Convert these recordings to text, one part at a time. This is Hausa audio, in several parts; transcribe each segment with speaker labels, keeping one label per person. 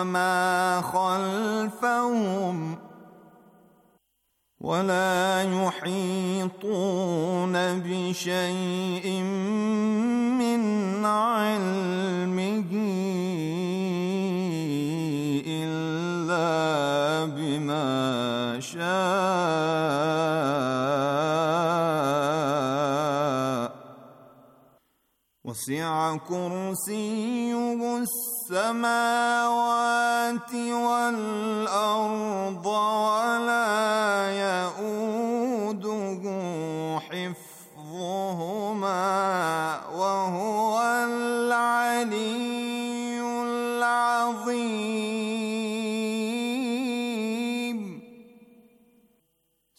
Speaker 1: وما خلفهم ولا يحيطون بشيء من علمه وسع كرسيه السماوات والارض ولا يئوس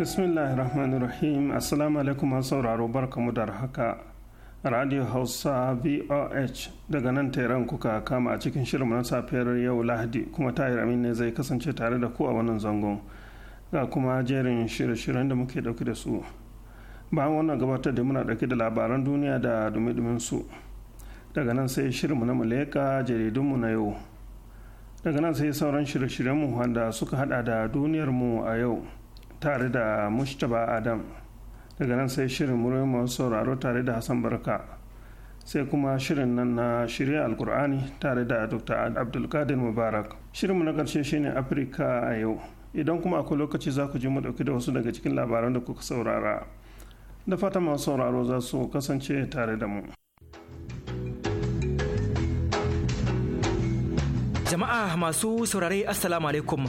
Speaker 2: bismillahir rahmanir rahim assalamu alaikum masu sauraro barkamu da haka radio hausa voh daga nan tehran kuka kama a cikin shirin na safiyar yau lahadi kuma tahir amin ne zai kasance tare da ku a wannan zangon ga kuma jerin shirye-shiryen da muke dauke da su bayan wannan gabatar da muna dauke da labaran duniya da dumi su daga nan sai shirinmu na muleka jaridunmu na yau daga nan sai sauran shirye-shiryenmu wanda suka hada da duniyarmu a yau tare da mushtaba adam daga nan sai shirin muryoyin sauraro tare da hassan barka sai kuma shirin nan na shirya alkur'ani tare da dr abdulkadir mubarak shirin mu na ƙarshe shine afirka a yau idan kuma akwai lokaci za ku ji mu ɗauki da wasu daga cikin labaran da kuka saurara da fata masu sauraro za su kasance
Speaker 3: tare da mu jama'a masu saurare assalamu alaikum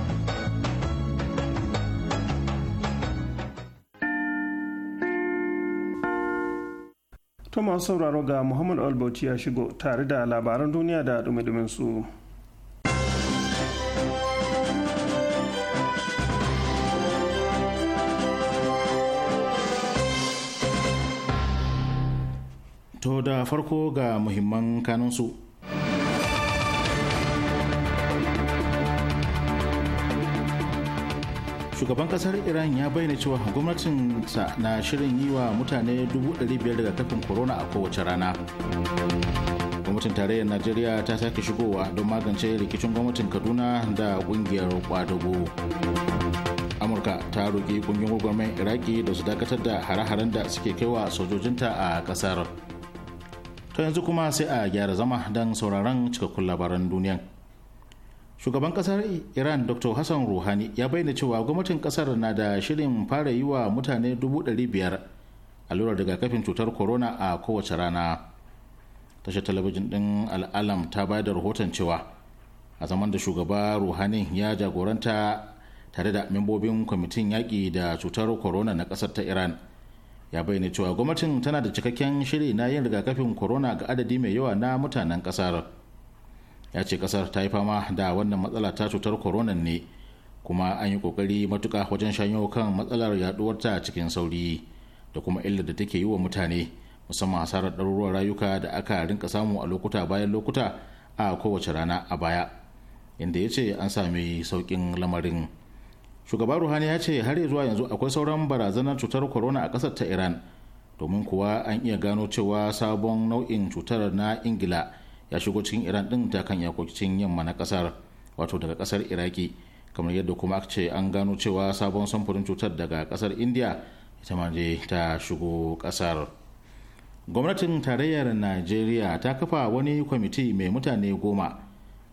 Speaker 2: to masu sauraro ga muhammad albauchi ya shigo tare da labaran duniya da dumi su.
Speaker 4: to da farko ga muhimman kanunsu shugaban kasar iran ya bayyana cewa gwamnatin sa na shirin yi wa mutane daga kafin corona a kowace rana gwamnatin tarayyar najeriya ta sake shigowa don magance rikicin gwamnatin kaduna da kungiyar kwadago amurka ta roƙi kungiyar gwamnatin iraki da su dakatar da hare-haren da suke kaiwa sojojinta a kasar to yanzu kuma sai a gyara zama don sauraron cikakkun labaran duniyan shugaban kasar iran dr hassan ruhani ya bayyana cewa gwamnatin kasar na da shirin fara yi wa mutane 500,000 allurar rigakafin cutar corona a kowace rana tashar talabijin din al'alam ta bayar da rahoton cewa a zaman da shugaba ruhani ya jagoranta tare da membobin kwamitin yaƙi da cutar corona na ƙasar ta iran ya bayyana cewa gwamnatin tana da cikakken shiri na yin rigakafin corona ga adadi mai yawa na mutanen ƙasar. ya ce kasar ta yi fama da wannan matsala ta cutar koronan ne kuma an yi kokari matuka wajen shanyo kan matsalar yaduwar ta cikin sauri da kuma illar da take yi wa mutane musamman hasarar ɗaruruwan rayuka da aka rinka samu a lokuta bayan lokuta a kowace rana a baya inda ya ce an sami sauƙin lamarin shugaba ruhani ya ce har zuwa yanzu akwai sauran barazanar cutar korona a ƙasar ta iran domin kuwa an iya gano cewa sabon nau'in cutar na ingila ya shigo cikin iran din ta kan yakokin yamma na kasar wato daga kasar iraki kamar yadda kuma aka ce an gano cewa sabon samfurin cutar daga kasar india ita ma je ta shigo kasar gwamnatin tarayyar najeriya ta kafa wani kwamiti mai mutane goma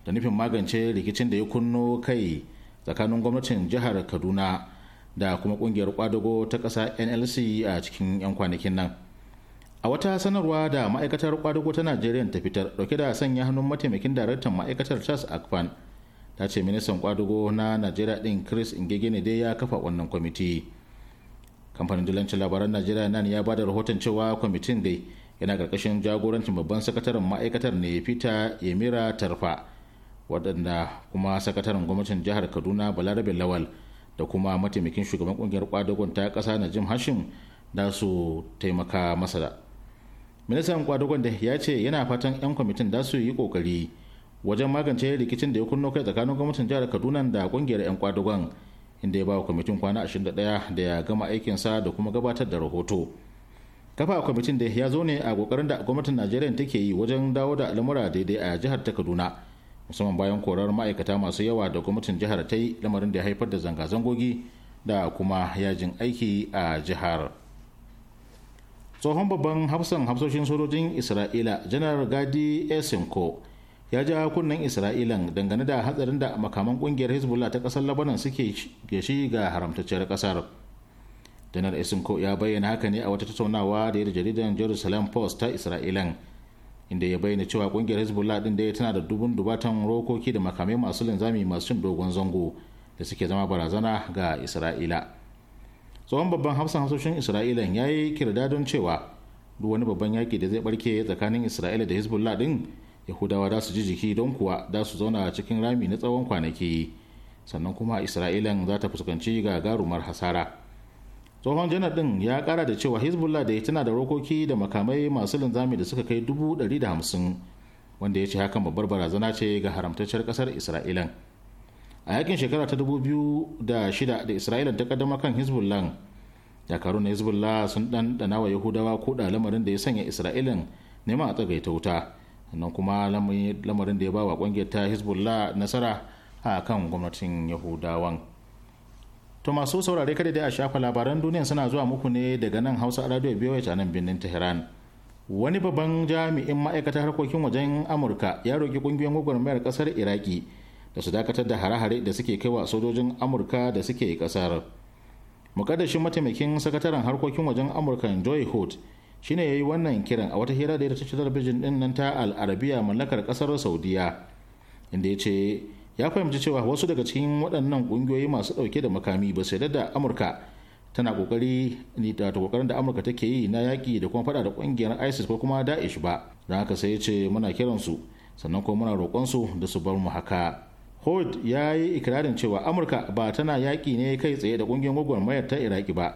Speaker 4: da nufin magance rikicin da ya kunno kai tsakanin gwamnatin jihar kaduna da kuma kungiyar kwadago ta kasa nlc a cikin 'yan kwanakin nan a wata sanarwa da ma'aikatar kwadago ta najeriya ta fitar dauke da sanya hannun mataimakin daraktan ma'aikatar charles akpan ta ce ministan kwadago na najeriya din chris ingegene dai ya kafa wannan kwamiti kamfanin dalancin labaran najeriya nan ya ba da rahoton cewa kwamitin dai yana karkashin jagorancin babban sakataren ma'aikatar ne fita yamira tarfa waɗanda kuma sakataren gwamnatin jihar kaduna balarabe lawal da kuma mataimakin shugaban kungiyar kwadagon ta ƙasa jim hashim da su taimaka masa ministan kwadugon da ya ce yana fatan 'yan kwamitin da su yi kokari wajen magance rikicin da ya kunno kai tsakanin gwamnatin jihar kaduna da kungiyar 'yan kwadugon inda ya ba kwamitin kwana 21 da ya gama aikinsa da kuma gabatar da rahoto kafa kwamitin da ya zo ne a kokarin da gwamnatin najeriya take yi wajen dawo da lamura daidai a jihar ta kaduna musamman bayan korar ma'aikata masu yawa da gwamnatin jihar ta yi lamarin da ya haifar da zanga-zangogi da kuma yajin aiki a jihar. tsohon babban hafsan hafsoshin sojojin isra'ila janar gadi esenko ya ja kunnen isra'ilan dangane da hatsarin da makaman kungiyar hezbollah ta kasar labanan suke geshi ga haramtacciyar kasar janar esenko ya bayyana haka ne a wata tattaunawa da yadda jaridar jerusalem post ta isra'ilan inda ya bayyana cewa kungiyar hezbollah din dai tana da dubun dubatan rokoki da makamai masu linzami masu cin dogon zango da suke zama barazana ga isra'ila tsohon babban hafsan hasoshin isra'ila ya yi kirda don cewa duk wani babban yaƙi da zai barke tsakanin isra'ila da hezbollah din yahudawa za su ji jiki don kuwa za su zauna cikin rami na tsawon kwanaki sannan kuma isra'ilan za ta fuskanci gagarumar hasara tsohon janar din ya kara da cewa hezbollah da tana da rokoki da makamai masu linzami da suka kai dubu ɗari da hamsin wanda ya ce hakan babbar barazana ce ga haramtacciyar ƙasar isra'ilan a yakin shekara ta 2006 da isra'ila ta kaddama kan hezbollah dakarun na hezbollah sun ɗanɗana wa yahudawa da lamarin da ya sanya ne nema a tsagaita wuta nan kuma lamarin da ya ba wa ƙungiyar ta hezbollah nasara a kan gwamnatin yahudawan to masu saurare kada dai a shafa labaran duniya suna zuwa muku ne daga nan hausa radio biyu a nan birnin tehran wani babban jami'in ma'aikatar harkokin wajen amurka ya roƙi ƙungiyar gwagwarmayar ƙasar iraki da su dakatar da hare-hare da suke kaiwa sojojin amurka da suke kasar mukaddashin mataimakin sakataren harkokin wajen amurka joy hood shine ya yi wannan kiran a wata hira da ya tashi talabijin din nan ta al'arabiya mallakar kasar saudiya inda ya ce ya fahimci cewa wasu daga cikin waɗannan ƙungiyoyi masu ɗauke da makami ba sai da amurka tana kokari da ta kokarin da amurka take yi na yaƙi da kuma faɗa da ƙungiyar isis ko kuma da'ish ba don haka sai ya ce muna kiransu sannan kuma muna roƙonsu da su bar mu haka Hood ya yi ikirarin cewa Amurka ba tana yaƙi ne kai tsaye da ƙungiyar gwagwarmayar ta Iraki ba,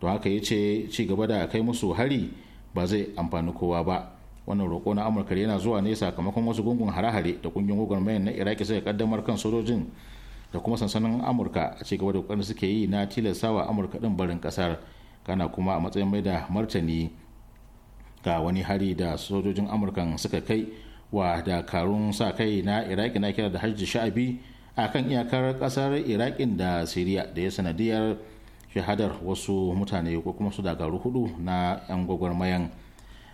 Speaker 4: don haka ya ce ci gaba da kai musu hari ba zai amfani kowa ba. Wannan roƙo na Amurka yana zuwa ne sakamakon wasu gungun hare-hare da ƙungiyar gwagwarmayar na Iraki suka kaddamar kan sojojin da kuma sansanin Amurka a ci gaba da ƙoƙarin suke yi na tilastawa Amurka ɗin barin ƙasar. Kana kuma a matsayin mai da martani ga wani hari da sojojin Amurkan suka kai wa dakarun sa kai na iraki na kira da hajji sha'abi a kan iyakar kasar irakin da siriya da ya sanadiyar shahadar wasu mutane ko kuma su dakaru hudu na 'yan gwagwarmayan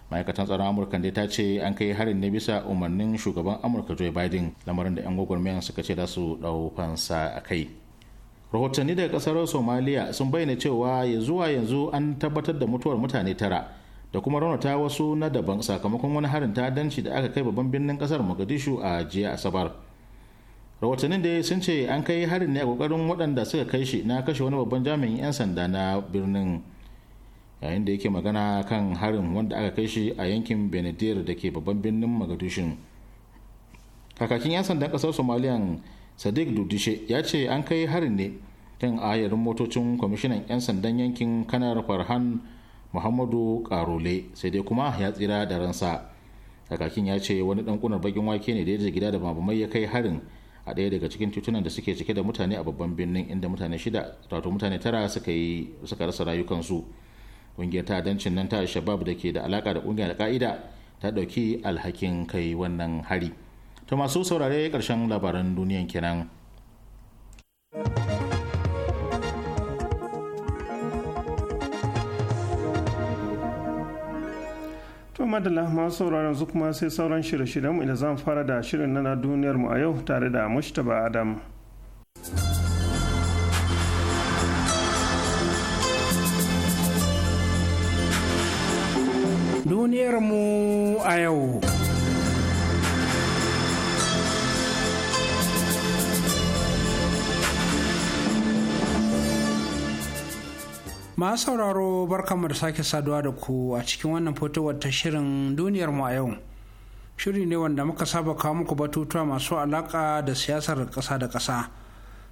Speaker 4: ma'aikatan tsaron amurka da ta ce an kai harin ne bisa umarnin shugaban amurka joe biden lamarin da 'yan gwagwarmayan suka ce za su dau fansa a kai rahotanni daga kasar somaliya sun bayyana cewa ya zuwa yanzu an tabbatar da mutuwar mutane tara da kuma raunata wasu na daban sakamakon wani harin ta'addanci da aka kai babban birnin kasar mogadishu a jiya asabar rahotannin da sun ce an kai harin ne a kokarin waɗanda suka kai shi na kashe wani babban jami'in 'yan sanda na birnin yayin da yake magana kan harin wanda aka kai shi a yankin benedir da ke babban birnin magadishin kakakin 'yan sandan kasar somaliyan sadiq dudishe ya ce an kai harin ne kan ayarin motocin kwamishinan 'yan sandan yankin kanar farhan muhammadu karole sai dai kuma ya tsira da ransa kakakin ya ce wani dan bakin wake ne da ya gida da mabamai ya kai harin a ɗaya daga cikin titunan da suke cike da mutane a babban birnin inda mutane shida wato mutane tara suka yi suka rasa rayukansu ƙungiyar ta'addancin nan ta shabab da ke da alaka da ƙungiyar ka'ida ta ɗauki alhakin kai wannan hari ta masu saurare ƙarshen labaran duniyan kenan.
Speaker 2: To da lahama sauraron su kuma sai sauran shirye mu idan zan fara da shirin na duniyarmu a yau tare da Mushtaba Adam.
Speaker 5: Duniyar mu a yau. Ma sauraro barkanmu da sake saduwa da ku a cikin wannan fitowar ta shirin duniyar mu a yau shiri ne wanda muka saba kawo muku batutuwa masu alaka da siyasar ƙasa da ƙasa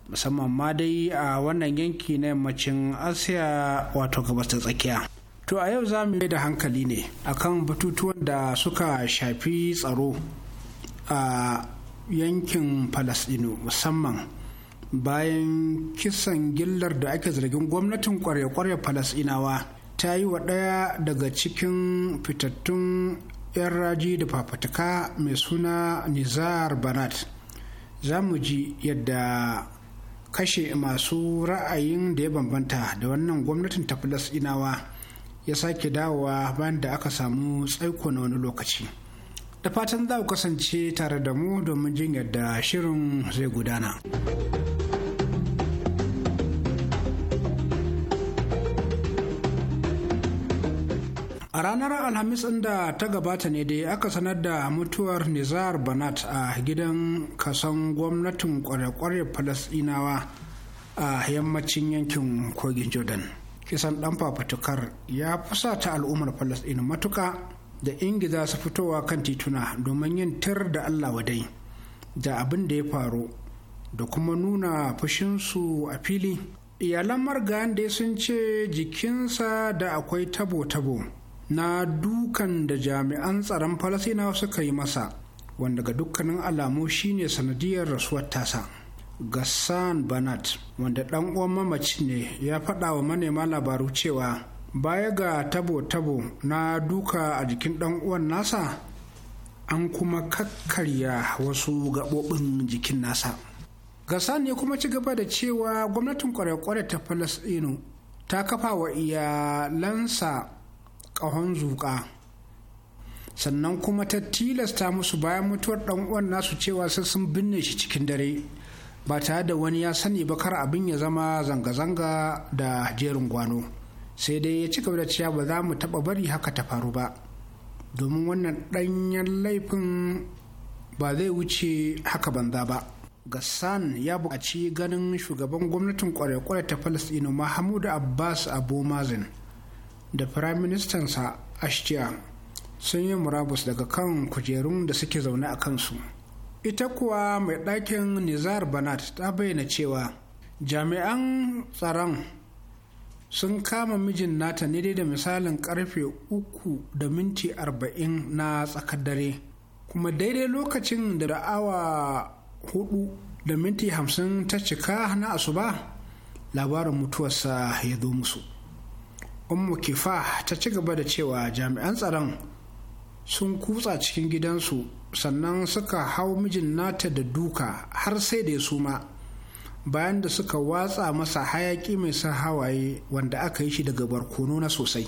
Speaker 5: musamman ma dai a wannan yanki na yammacin asiya wato gabas ta tsakiya to a yau za mu yi da hankali ne akan batutuwan da suka shafi tsaro a yankin falasɗinu musamman bayan kisan gillar da ake zargin gwamnatin kwarya-kwarya falasinawa ta yi wa ɗaya daga cikin fitattun 'yan raji da fafatuka mai suna nizar banat za mu ji yadda kashe masu ra'ayin da ya bambanta da wannan gwamnatin ta falasinawa ya sake dawowa bayan da aka samu tsaiko na wani lokaci da fatan za ku kasance tare da mu domin jin yadda shirin zai gudana. a ranar alhamis da ta gabata ne dai aka sanar da mutuwar nizar banat a gidan kasan gwamnatin kware-kware falasdinawa a yammacin yankin kogin jordan kisan dan fafutukar ya fusata al'ummar falasdin matuka da ingiza su fitowa kan tituna domin yin tir da allah wadai da abin da ya faru da kuma nuna fushinsu a fili iyalan margayan dai sun ce jikinsa da akwai tabo-tabo na dukan da jami'an tsaron falasina suka yi masa wanda ga dukkanin alamu shine sanadiyar rasuwar tasa gassan banat wanda dan uwan mamaci ne ya faɗa wa manema labaru cewa baya ga tabo-tabo na duka a jikin dan uwan nasa an kuma kakkarya wasu gaɓoɓin jikin nasa gassan ya kuma ci gaba da cewa gwamnatin kware-kware ta falasɗinu ta kafa wa iyalansa ƙahon zuƙa sannan kuma ta tilasta musu bayan mutuwar ɗan uwan nasu cewa sai sun binne shi cikin dare ba tare da wani ya sani ba kar abin ya zama zanga-zanga da jerin gwano sai dai ya ci gaba da cewa ba za mu taɓa bari haka ta faru ba domin wannan ɗanyen laifin ba zai wuce haka banza ba gassan ya buƙaci ganin shugaban gwamnatin kwarekwarai ta falasɗinu mahamudu abbas abu mazin da firaministansa ashtiya sun yi murabus daga kan kujerun da suke zaune a kansu ita kuwa mai ɗakin nizar banat ta bayyana cewa jami'an tsaron sun kama mijin nata ne da misalin karfe uku da minti arba'in na tsakar dare kuma daidai lokacin da awa hudu da minti hamsin ta cika na asuba labarin mutuwarsa ya zo musu ummu kifa ta ci gaba da cewa jami'an tsaron sun kutsa cikin gidansu sannan suka hau mijin nata da duka har sai da ya suma bayan da suka watsa masa hayaki mai sa hawaye wanda aka yi shi daga barkono na sosai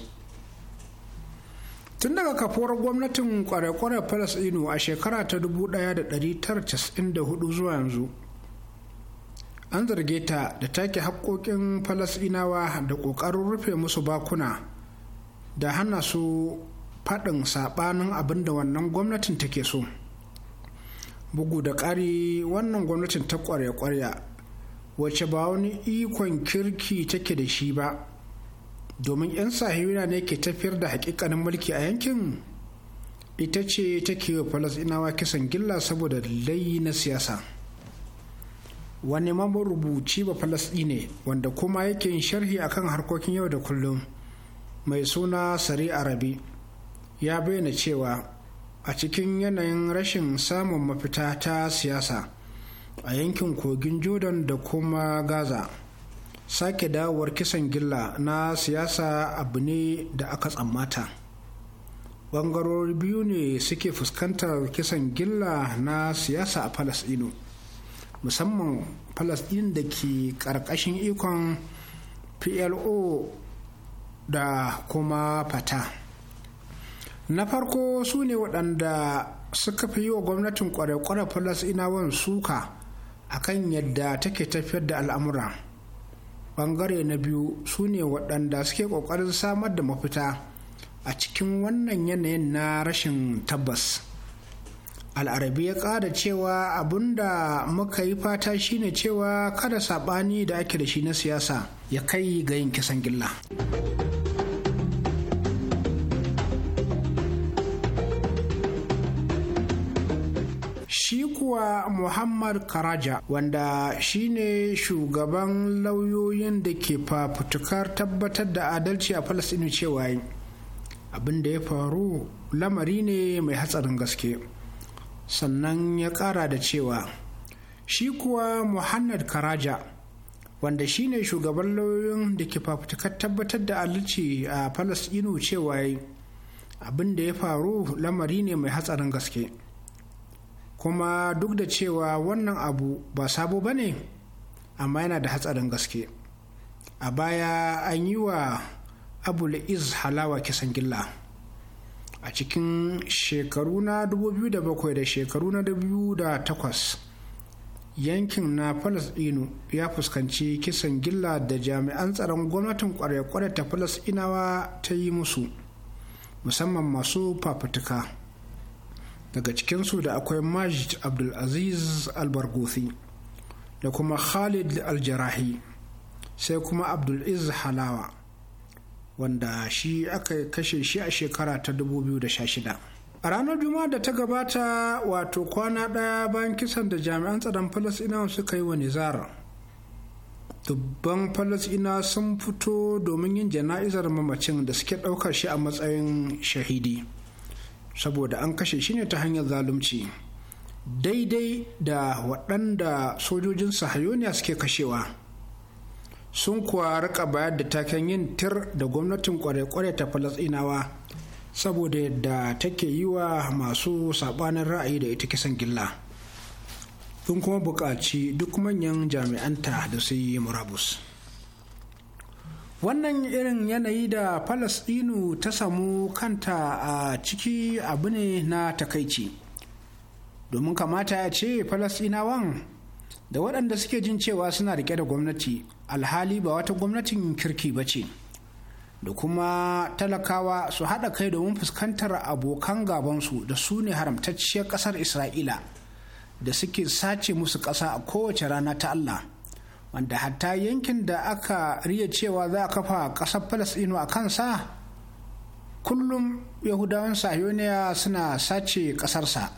Speaker 5: tun daga kafuwar gwamnatin kware-kware falasɗinu a shekara ta 1994 zuwa yanzu an zarge ta da take haƙoƙin falasɗinawa da ƙoƙarin rufe musu bakuna da hana su faɗin saɓanin abin da wannan gwamnatin take so bugu da ƙari wannan gwamnatin ta ƙwarya-ƙwarya wacce ba wani ikon kirki take da shi ba domin 'yan sahiyuna ne ke tafiyar da hakikanin mulki a yankin ita ce take wa falasɗinawa kisan gilla saboda layi na siyasa. wani rubuci ba ne wanda kuma yake yin sharhi akan harkokin yau da kullum mai suna sari arabi ya bayyana cewa a cikin yanayin rashin samun mafita ta siyasa a yankin kogin jordan da kuma gaza sake dawowar kisan gilla na siyasa abu ne da aka tsammata ɓangarori biyu ne suke fuskantar kisan gilla na siyasa a falasɗinu musamman falasɗin da ke ƙarƙashin ikon plo da kuma fata na farko su ne waɗanda suka fi yi wa gwamnatin kware-kware falasɗinawan suka a kan yadda take tafiyar da al'amura ɓangare na biyu su ne waɗanda suke ƙoƙarin samar da mafita a cikin wannan yanayin na rashin tabbas al'arabi ya ƙara cewa abinda muka yi fata shine cewa kada saɓani da ake da shi na siyasa ya kai ga yin kisan gilla shi kuwa muhammad karaja wanda shine shugaban lauyoyin da ke fafutukar tabbatar da adalci a falasini cewa abin da ya faru lamari ne mai hatsarin gaske sannan ya ƙara da cewa shi kuwa muhammad karaja wanda shi ne shugaban lauyoyin da ke fafutukar tabbatar da alici a falasɗinu cewa abin da ya faru lamari ne mai hatsarin gaske kuma duk da cewa wannan abu ba sabo ba ne amma yana da hatsarin gaske a baya an yi wa abul iz halawa kisan gilla a cikin shekaru na 2007 da shekaru na 2008 yankin na falasdino ya fuskanci kisan gilla da jami'an tsaron gwamnatin kware-kware ta falasdinawa ta yi musu musamman masu fafutuka daga cikinsu da akwai majid abdulaziz albargothi da kuma khalid aljarahi sai kuma AbdulIz halawa wanda shi aka kashe shi a shekara ta 2016 a ranar juma'a da ta gabata wato kwana ɗaya bayan kisan da jami'an tsaron ina suka yi wa nizar dubban ina sun fito domin yin jana'izar mamacin da suke ɗaukar shi a matsayin shahidi saboda an kashe shi ne ta hanyar zalunci daidai da waɗanda sojojin sahayoniya suke kashewa sun kuwa rika bayar da taken yin tir da gwamnatin kware-kware ta falasinawa saboda yadda take yi wa masu sabanin ra'ayi da ita kisan gilla sun kuma buƙaci duk manyan jami'anta da su yi murabus wannan irin yanayi da falasɗinu ta samu kanta a ciki abu ne na takaici domin kamata ya ce falasɗinawan da waɗanda suke jin cewa suna rike da gwamnati alhali ba wata gwamnatin kirki ba ce da kuma talakawa su haɗa kai domin fuskantar abokan gabansu da su ne haramtacciyar ƙasar isra'ila da suke sace musu ƙasa a kowace rana ta allah wanda hatta yankin da aka riya cewa za a kafa ƙasar falasɗinu a kansa kullum yahudawan sahiyoniya suna sace ƙasarsa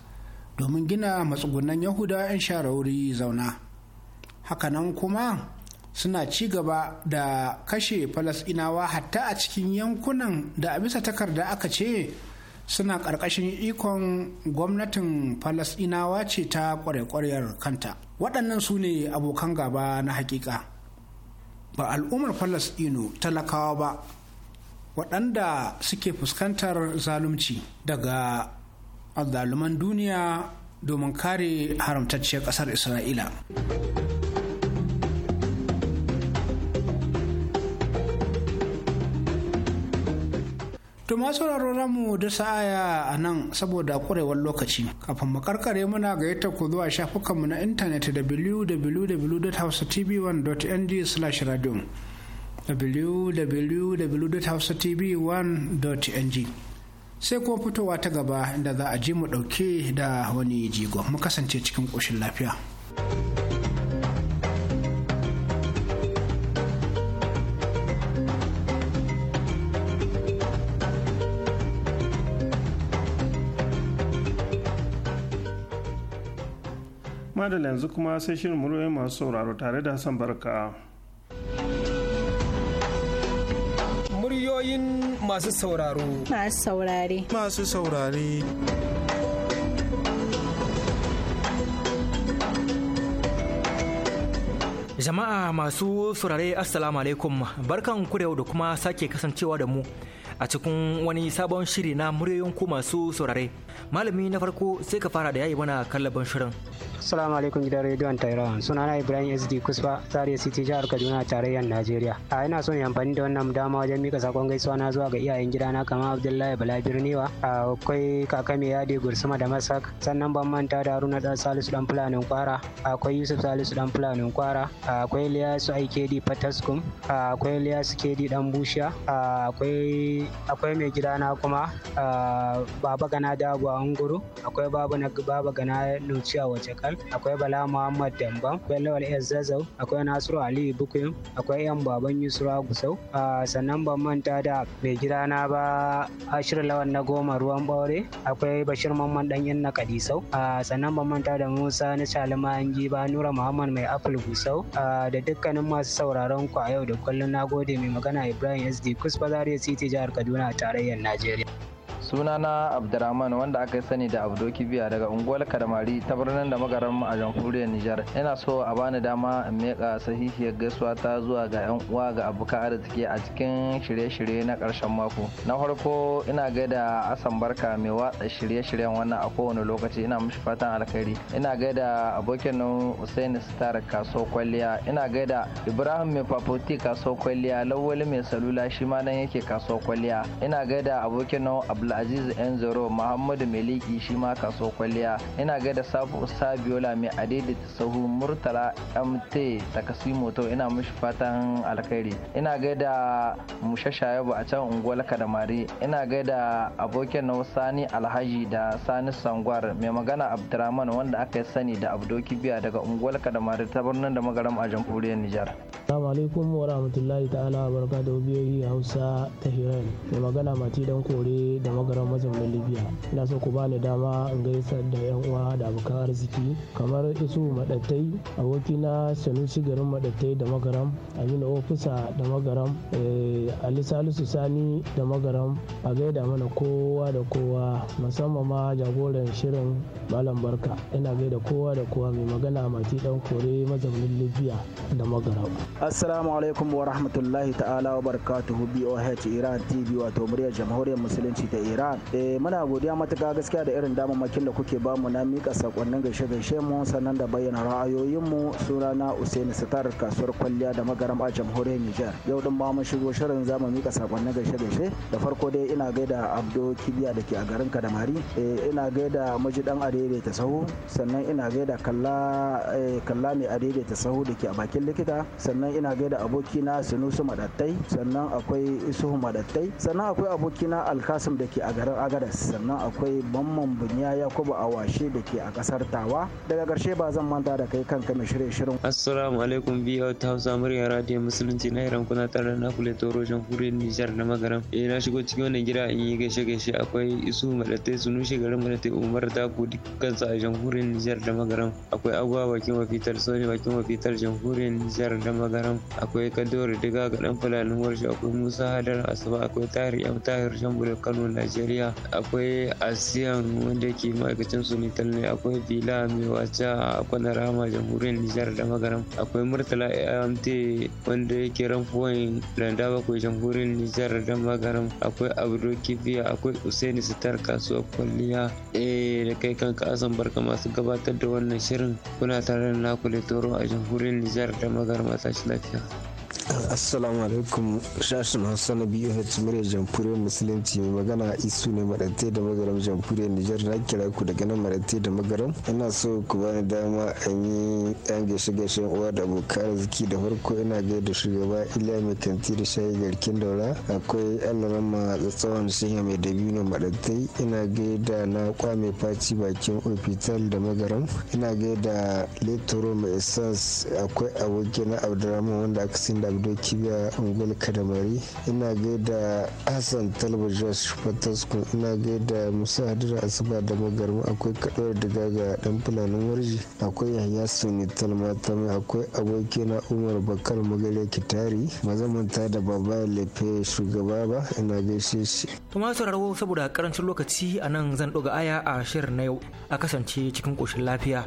Speaker 5: domin gina matsugunan yahudawa 'yan sharauri zauna hakanan kuma suna ci gaba da kashe falasɗinawa hatta a cikin yankunan da a bisa takarda aka ce suna ƙarƙashin ikon gwamnatin falasɗinawa ce ta ƙwarƙwariyar kanta waɗannan su ne abokan gaba na hakika ba al'ummar falasɗino talakawa ba waɗanda suke fuskantar zalunci daga azzaluman duniya domin kare haramtacciyar ƙasar isra'ila To masu sauraro mu da sa'aya a nan saboda kurewar lokaci. Kafin mu karkare muna gayyata ku zuwa shafukanmu na intanet www.hausatv1.ng/radio www.hausatv1.ng sai kuma fitowa ta gaba da za a ji mu dauke da wani jigo mu kasance cikin ƙoshin lafiya.
Speaker 2: madalla yanzu kuma sai shirin muryoyin masu sauraro tare da hassan
Speaker 6: barka muryoyin masu
Speaker 3: sauraro
Speaker 7: masu saurare masu saurare
Speaker 3: jama'a masu saurare assalamu alaikum barkan ku da kuma sake kasancewa da mu a cikin wani sabon shiri na muryoyin ku masu saurare. Malami na farko sai ka fara da yayi mana kallaban shirin.
Speaker 8: Assalamu alaikum gidan rediyon suna na Ibrahim SD Kusfa, Zaria City jihar Kaduna tarayyar Najeriya. A ina son amfani da wannan dama wajen mika sakon gaisuwa na zuwa ga iyayen gidana kamar Abdullahi Bala Birniwa, akwai kaka mai yadi Gursuma da Masak, sannan ban manta da Haruna Dan Salisu Dan Fulanin Kwara, akwai Yusuf Salisu Dan Fulanin Kwara, akwai Liyasu Aikedi Fataskum, akwai Liyasu kedi Dan bushiya akwai akwai mai gidana kuma baba gana a anguru akwai babu na baba gana lucia akwai bala muhammad damban akwai lawal zazzau akwai nasiru aliyu bukuyin akwai yan baban yusra gusau sannan ban manta da mai gidana ba ashir lawan na goma ruwan baure akwai bashir mamman dan yin na kadisau sannan ban manta da musa na shalima ba nura muhammad mai apple gusau da dukkanin masu sauraron ku a yau da kullum na gode mai magana ibrahim sd kusfa zaria city jihar Kaduna a tarayyar
Speaker 7: Najeriya. sunana abdurrahman wanda aka sani da abdoki biya daga unguwar kadamari ta birnin da magaran a jamhuriyar nijar yana so a bani dama in meka sahihiyar gaisuwa ta zuwa ga yan uwa ga abokan arziki a cikin shirye-shirye na karshen mako na farko ina gaida asan barka mai watsa shirye-shiryen wannan a kowane lokaci ina mishi fatan alkhairi ina gaida abokin nan usain star kaso kwalliya ina gaida ibrahim mai fafoti kaso kwalliya lawali mai salula shi ma nan yake kaso kwalliya ina gaida abokin nan abdul azizu yan muhammadu meliki shi ma kaso kwalliya ina gaida sabo sabiola mai ta sahu murtala mt takasimo moto ina mishi fatan alkhairi ina gaida mushasha yabo a can unguwar kadamare ina da abokin na sani alhaji da sani sangwar mai magana abdurrahman wanda aka yi sani da abdoki biya daga unguwar kadamare ta birnin da magaram a jamhuriyar nijar
Speaker 6: Assalamu alaikum wa rahmatullahi ta'ala wa barakatuhu biyoyi Hausa ta Hirai mai magana
Speaker 8: mati kore da magaran mazaunin libya ina so ku bani dama in gaisa da yan uwa da abokan arziki kamar isu madattai abokina sanusi garin madattai
Speaker 6: da magaram aminu ofisa da magaram eh, ali salisu sani da magaram a gaida mana kowa da kowa musamman ma jagoran shirin malam barka ina gaida kowa da kowa mai magana mati dan kore mazaunin libya da magaram assalamu alaikum wa rahmatullahi ta'ala wa barakatuhu boh iran tv wato muryar jamhuriyar musulunci ta iran iran eh, muna godiya matuka gaskiya da irin damammakin da kuke bamu na mika sakonnin gaishe gaishe mu sannan da bayyana ra'ayoyinmu na usaini sitar kasuwar kwalliya da magaram a jamhuriyar niger yau din ba mu shigo shirin za mu mika sakonnin gaishe gaishe da farko dai ina gaida abdo kibiya da ke a garin kadamari eh, ina gaida maji dan ta sahu sannan ina gaida kalla eh, kalla mai ta sahu da ke a bakin likita sannan ina gaida abokina sunusu madattai sannan akwai isuhu madattai sannan akwai abokina alkasim da ke a garin agadas sannan akwai mamman bunya yakubu awashe da ke a kasar tawa daga karshe ba zan manta da kai kanka mai shirye shirin
Speaker 8: assalamu alaikum biyu ta hausa murya radio musulunci na iran kuna tare na kule toro jamhuriyar nijar na magaram eh na shigo cikin wannan gida in yi gaishe gaishe akwai isu madatai sunu garin madatai umar daku dukkansu a jamhuriyar nijar da magaram akwai agwa bakin mafitar sani bakin mafitar jamhuriyar nijar da magaram akwai kadori diga ga dan fulani warshe akwai musa hadar asuba akwai tahir yam tahir shambulu kano najeriya najeriya akwai Asean wanda ke ma'aikacin su ne akwai bila mai wata kwana narama jamhuriyar nijar da magaram akwai murtala amt wanda yake ramfuwan landa bakwai jamhuriyar nijar da magaram akwai abdo kibiya akwai usaini sitar kasuwar kwalliya eh, da kai kanka asan barka masu gabatar da wannan shirin kuna tare da naku da toro a jamhuriyar nijar da magaram a tashi lafiya.
Speaker 7: assalamu alaikum shashin hausa na biyu h murya jamfure
Speaker 6: musulunci mai magana isu ne maratai da magaram jamfure nijar na kira ku daga nan maratai da magaram ina so ku bani dama a yi yan gaishe gaishe uwa da abokan arziki da farko ina gaida shugaba iliya mai kanti da shayi garkin daura akwai alarama tsatsawan shiya mai dabi'u ne maratai ina gaida na kwame faci bakin ofital da magaram ina gaida letoro mai essence akwai abokina abdurrahman wanda aka sin da da kibiya ungul kadamari ina gaida hassan talba jos fataskun ina gaida musa hadira asuba da magarma akwai kaɗuwar diga ga ɗan fulanin warji akwai yahya suni talma tami akwai aboki na umar bakar
Speaker 5: magare kitari ba da baba lefe shugaba ba ina gaishe shi.
Speaker 3: to masu saboda karancin lokaci a nan zan ɗoga aya a shirin na yau a kasance cikin ƙoshin lafiya.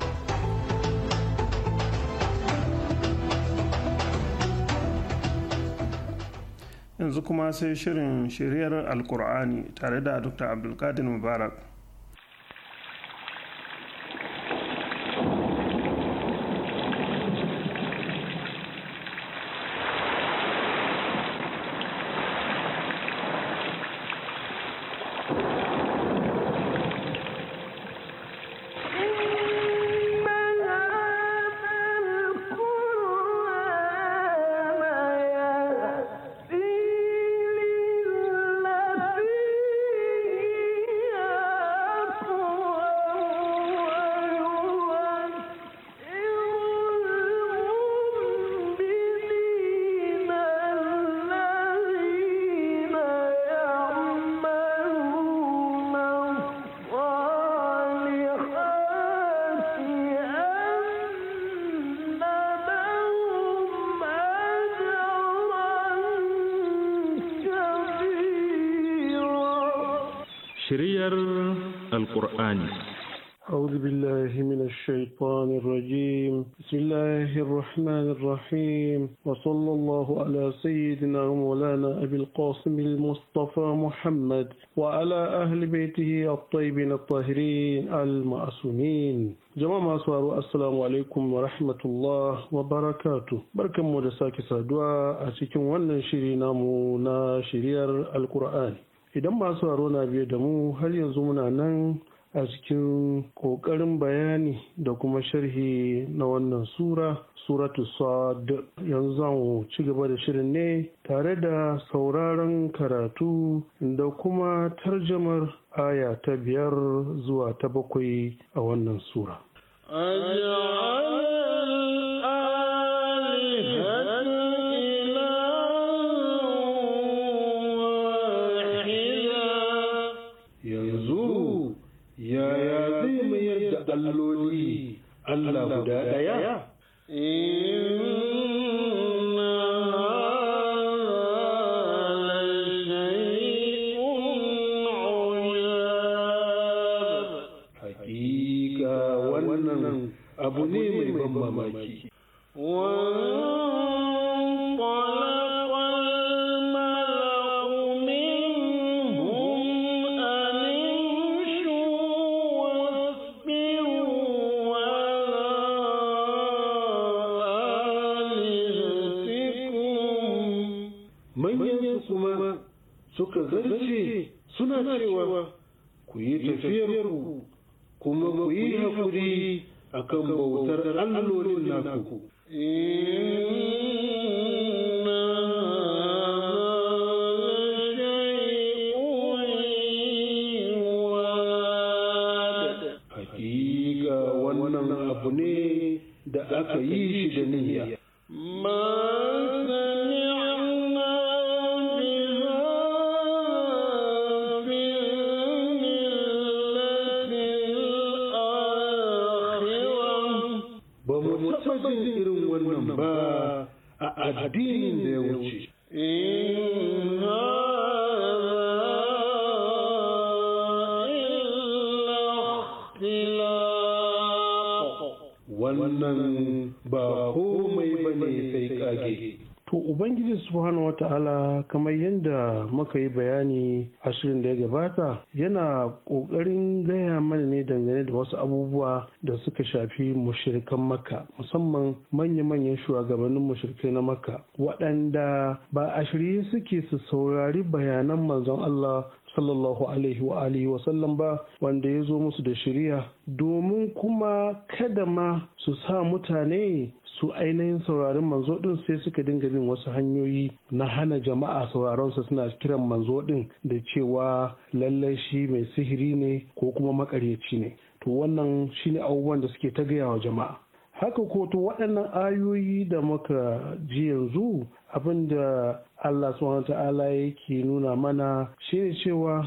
Speaker 2: yanzu kuma sai shirin shiryar alkur'ani tare da dr abdulkadir mubarak
Speaker 4: شرير القرآن أعوذ
Speaker 9: بالله من الشيطان الرجيم بسم الله الرحمن الرحيم وصلى الله على سيدنا مولانا أبي القاسم المصطفى محمد وعلى أهل بيته الطيبين الطاهرين المعصومين jama'a masu waro assalamu alaikum wa rahmatullah wa barakatu barkanmu da sake saduwa a cikin wannan shiri namu na shiriyar alkur'ani idan masu aro na biyu da mu har yanzu muna nan a cikin ƙoƙarin bayani da kuma sharhi na wannan sura suratu sad yanzu za ci gaba da shirin ne tare da sauraron karatu da kuma tarjamar aya ta biyar zuwa ta bakwai a wannan sura. Allah guda ɗaya? Hakika wannan abu ne mai ban mamaki. akan bautar allolin naku Hakika wannan abu ne da aka yi shi da niyya. muka yi bayani a shirin da ya gabata yana ƙoƙarin gaya mana ne dangane da wasu abubuwa da suka shafi mushirikan makka musamman manya-manyan shugabannin mushirikai na makka waɗanda ba a shirye suke su saurari bayanan manzon Allah sallallahu alaihi wa alihi wa sallam ba wanda ya zo musu da shirya domin kuma kada ma su sa mutane su ainihin saurarin manzo din sai suka dinga bin wasu hanyoyi na hana jama'a sauraron sa suna kiran manzo din da cewa lallai shi mai sihiri ne ko kuma makaryaci ne to wannan shine abubuwan da suke ta gaya wa jama'a haka ko to waɗannan ayoyi da muka ji yanzu abinda Allah subhanahu ta'ala yake nuna mana shine cewa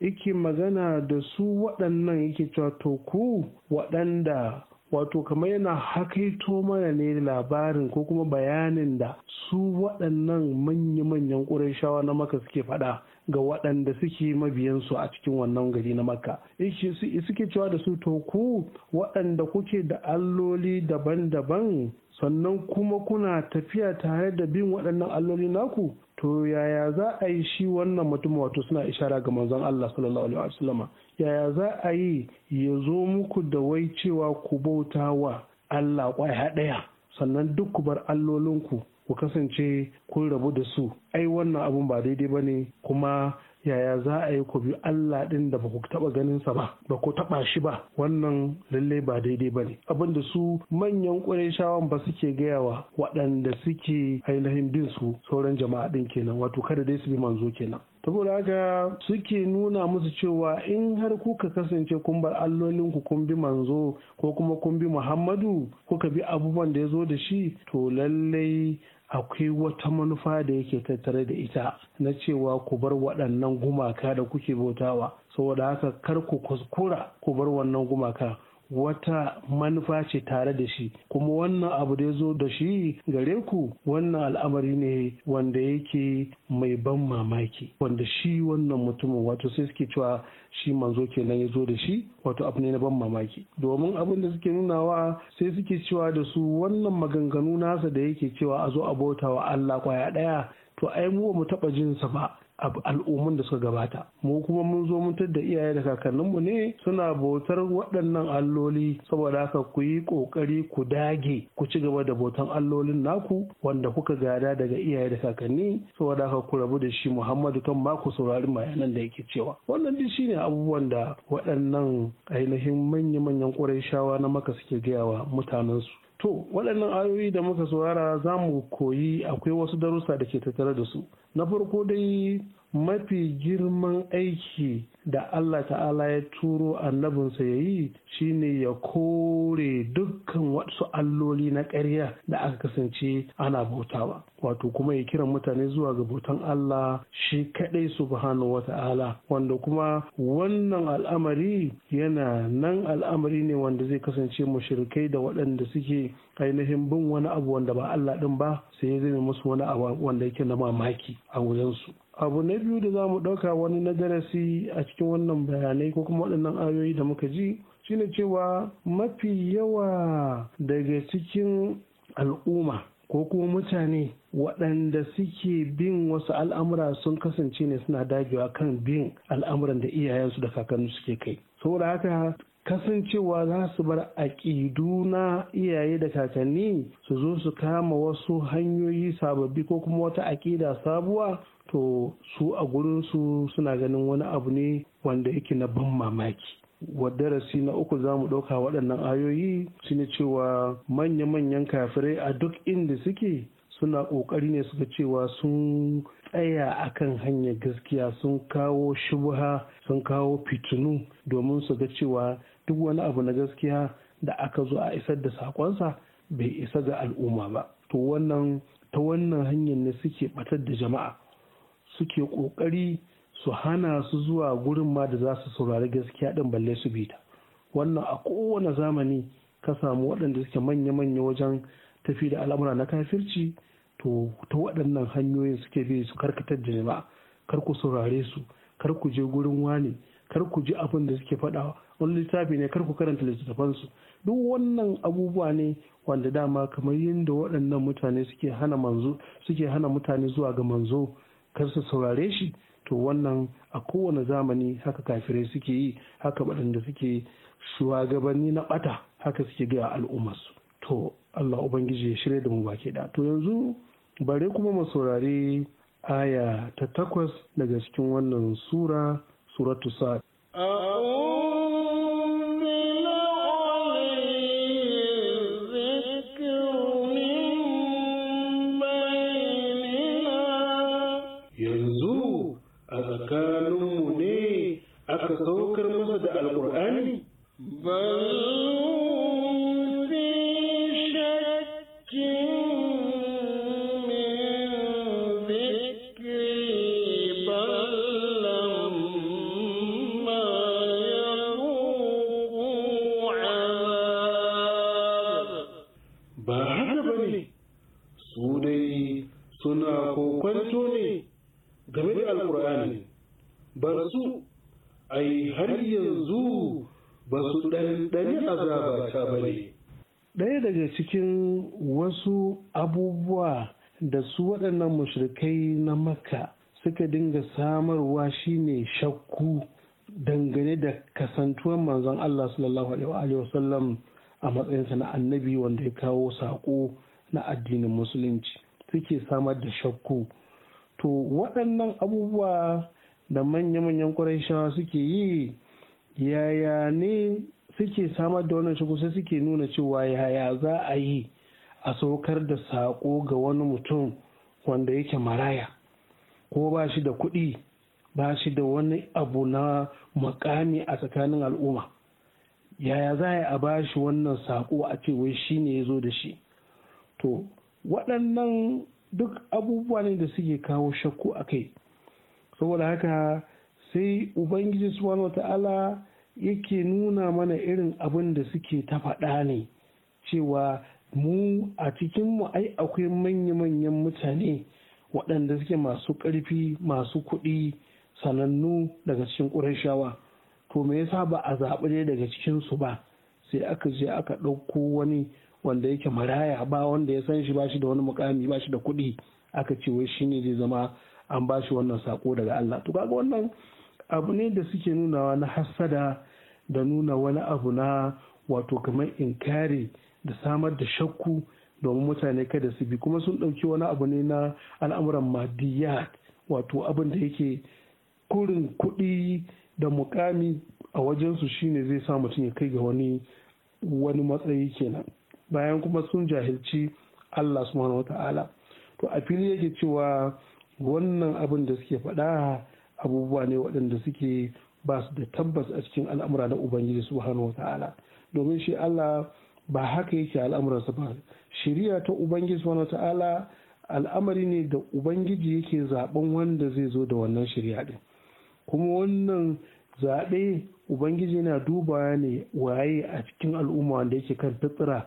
Speaker 9: yake magana da su waɗannan yake cewa to ku waɗanda wato kamar yana hakaito mana ne labarin ko kuma bayanin da su waɗannan manya-manyan ƙurashawa na maka suke faɗa ga waɗanda suke mabiyansu a cikin wannan gari na makka suke cewa da su to ku waɗanda kuke da alloli daban-daban sannan kuma kuna tafiya tare da bin waɗannan alloli naku to yaya za a yi shi wannan mutum wato suna ishara ga manzon Allah sallallahu alaihi wasallama yaya za a yi ya zo muku da wai cewa ku bauta wa Allah kwaya ɗaya sannan duk ku bar allolinku ku kasance kun rabu da su ai wannan abun ba daidai bane kuma yaya za a yi ku bi Allah ɗin da ba ku taba ganin sa ba ba ku taba shi ba wannan lalle ba daidai ba ne abinda su manyan ƙurayshawan ba suke gayawa waɗanda suke ainihin bin su sauran jama'a ɗin kenan wato kada dai su bi manzo kenan saboda haka suke nuna musu cewa in har kuka kasance kun bar ku kun bi manzo ko kuma kun bi muhammadu kuka bi abubuwan da ya zo da shi to lallai akwai wata manufa da yake tattare da ita na cewa ku bar waɗannan gumaka da kuke bautawa saboda haka kar ku kuskura ku bar wannan gumaka wata manufa ce tare da shi kuma wannan abu da ya zo da shi gare ku wannan al'amari ne wanda yake mai ban mamaki wanda shi wannan mutumin wato sai suke cewa shi manzo kenan ya zo da shi wato abu ne na ban mamaki domin abin da suke nunawa sai suke cewa da su wannan maganganu nasa da yake cewa a zo a bautawa Allah kwaya daya to ai mu ba mu taba jin sa ba al'ummun da suka gabata mu kuma mun zo mun da iyaye da kakanninmu ne suna bautar waɗannan alloli saboda haka ku yi ƙoƙari ku dage ku ci gaba da bautan allolin naku wanda kuka gada daga iyaye da kakanni saboda haka ku rabu da shi muhammadu kan ma ku saurari mayanan da yake cewa wannan duk shine abubuwan da waɗannan ainihin manya-manyan ƙurai shawa na maka suke gaya wa mutanensu To, waɗannan ayoyi da muka saurara za mu koyi akwai wasu darussa da ke tattare da su. Na farko dai mafi girman aiki da Allah ta'ala ya turo annabinsa ya yi shi ne ya kore dukkan wasu alloli na ƙarya da aka kasance ana bautawa wato kuma ya kiran mutane zuwa ga bautan Allah shi kaɗai subhanahu wa ta'ala wanda kuma wannan al'amari yana nan al'amari ne wanda zai kasance mashirkai da waɗanda suke ainihin bin wani abu wanda ba Allah ɗin ba sai ya zai musu wani abu wanda yake na mamaki a wajensu abu na biyu da za mu ɗauka wani na darasi a cikin wannan bayanai ko kuma waɗannan ayoyi da muka ji shine cewa mafi yawa daga cikin al'umma ko kuma mutane waɗanda suke bin wasu al'amura sun kasance ne suna dagewa kan bin al'amuran da iyayensu da kakanni suke kai saboda haka kasancewa za su bar aƙidu na iyaye da kakanni su zo su kama wasu hanyoyi sababbi ko kuma wata aƙida sabuwa to su a gurinsu suna ganin wani abu ne wanda yake na ban mamaki darasi na uku za mu ɗauka waɗannan ayoyi ne cewa manya-manyan kafirai a duk inda suke suna ƙoƙari ne suka cewa sun tsaya akan hanyar gaskiya sun kawo shubha sun kawo fitinu domin su ga cewa duk wani abu na gaskiya da aka zo a isar da saƙonsa bai isa ga al'umma ba to wannan ta wannan hanyar ne suke batar da jama'a suke ƙoƙari su hana su zuwa gurin ma da za su saurari gaskiya ɗin balle su bi ta wannan a kowane zamani ka samu waɗanda suke manya-manya wajen tafi da al'amura na kafirci to ta waɗannan hanyoyin suke bi su karkatar da jama'a kar ku saurare su kar ku je gurin wani kar ku ji abin da suke faɗa wani littafi ne kar ku karanta su. duk wannan abubuwa ne wanda dama kamar yadda waɗannan mutane suke hana manzo suke hana mutane zuwa ga manzo kar su saurare shi to wannan a kowane zamani haka kafirai suke yi haka waɗanda suke shugabanni na ɓata haka suke ga al'ummarsu to Allah Ubangiji ya shirya da mu baki da to yanzu bare kuma mu saurari aya ta takwas daga cikin wannan sura suratu sa'ad تذكر المبدأ القرآني بل sunan manzon Allah sallallahu alaihi wasallam a matsayinsa na annabi wanda ya kawo sako na addinin musulunci suke samar da shakku to waɗannan abubuwa da manya-manyan ƙwarai suke yi yaya ne suke samar da wannan shakku sai suke nuna cewa yaya za a yi a saukar da sako ga wani mutum wanda yake maraya ko ba shi da kuɗi ba shi da wani abu na makami a tsakanin al'umma yaya za a ba shi wannan saƙo a ce wai shi ne ya zo da shi to waɗannan duk abubuwa ne da suke kawo shakku a kai saboda haka sai ubangiji subhanahu wata'ala yake nuna mana irin abin da suke ta faɗa ne cewa mu a cikinmu ai akwai manya-manyan mutane waɗanda suke masu ƙarfi masu kuɗi sanannu daga cikin ƙurashawa to me yasa ba a zaɓi ne daga cikinsu ba sai aka je aka ɗauko wani wanda yake maraya ba wanda ya san shi ba shi da wani mukami ba shi da kuɗi aka ce wai shi ne zai zama an ba shi wannan sako daga Allah to kaga wannan abu ne da suke nunawa na hassada da nuna wani abu na wato kamar inkari da samar da shakku domin mutane kada su bi kuma sun ɗauki wani abu ne na al'amuran madiyat wato abin da yake kurin kuɗi da mukami a wajensu shine zai sa mutum ya kai ga wani wani matsayi kenan bayan kuma sun jahilci Allah subhanahu wata'ala to a fili yake cewa wannan abin da suke faɗa abubuwa ne waɗanda suke ba su da tabbas a cikin al'amura na ubangiji subhanahu wata'ala domin shi Allah ba haka yake al'amuransa ba shari'a ta ubangiji subhanahu wata'ala al'amari ne da ubangiji yake zaben wanda zai zo da wannan shiriya din kuma wannan zaɓe ubangiji na duba ne waye a cikin al'umma wanda yake kan fitsira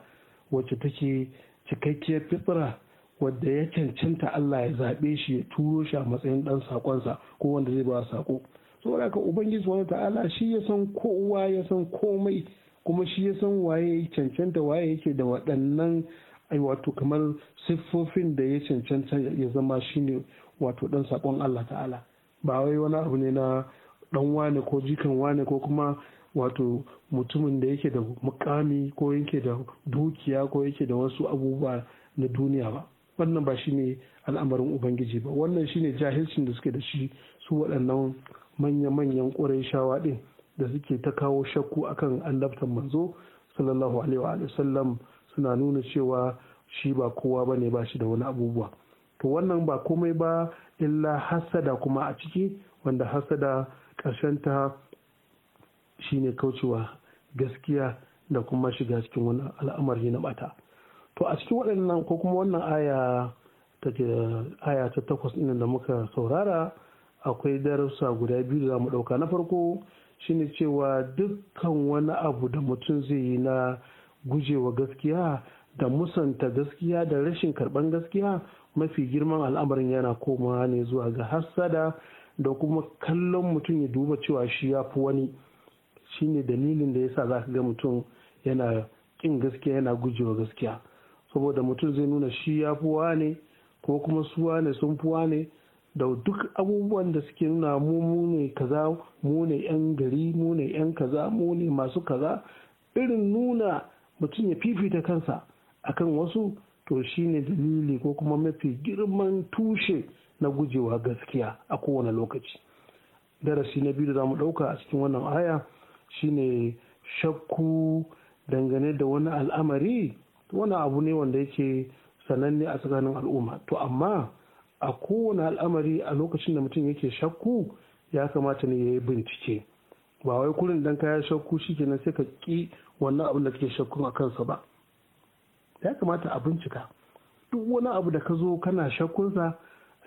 Speaker 9: wacce take cikakkiyar fitsira wadda ya cancanta Allah ya zaɓe shi ya turo shi a matsayin ɗan saƙonsa ko wanda zai ba saƙo saboda haka ubangiji wani ta'ala shi ya san kowa ya san komai kuma shi ya san waye ya cancanta waye yake da waɗannan ai wato kamar siffofin da ya cancanta ya zama shine wato ɗan saƙon Allah ta'ala ba wai wani abu ne na dan wane ko jikan wane ko kuma wato mutumin da yake da mukami ko yake da dukiya ko yake da wasu abubuwa na duniya ba wannan ba shine al'amarin ubangiji ba wannan shine jahilcin da suke da shi su waɗannan manya-manyan ƙurayshawa ɗin da suke ta kawo shakku akan annabtan manzo sallallahu alaihi wa sallam suna nuna cewa shi ba kowa ba ne ba shi da wani abubuwa to wannan ba komai ba illa hasada kuma a ciki wanda hasada ƙarshenta shine kaucewa gaskiya da kuma shiga cikin wani al'amari na bata to a cikin waɗannan ko kuma wannan aya ta aya ta takwas ɗin da muka saurara akwai darussa guda biyu da za mu ɗauka na farko shine cewa dukkan wani abu da mutum zai yi na gujewa gaskiya da musanta gaskiya da rashin karɓan gaskiya mafi girman al'amarin yana koma ne zuwa ga hassada da kuma kallon mutum ya duba cewa shi ya fi wani shine dalilin da yasa za ka ga mutum yana kin gaskiya yana gujewa gaskiya saboda mutum zai nuna shi ya fi wani ko kuma su wane sun fi wani da duk abubuwan da suke nuna mu mu ne kaza mu ne yan gari mu ne yan kaza mu ne masu kaza irin nuna mutum ya fifita kansa akan wasu to shi ne dalili ko kuma mafi girman tushe na gujewa gaskiya a kowane lokaci darasi na biyu da za mu ɗauka a cikin wannan aya shine shakku dangane da wani al'amari wani abu ne wanda yake sananne a tsakanin al'umma to amma a kowane al'amari a lokacin da mutum yake shakku ya kamata ne ya yi bincike ba wai kurin dan kaya shakku shi kenan sai ka ki wannan abin da kake shakkun a kansa ba ya kamata a bincika duk wani abu da ka zo kana shakkunsa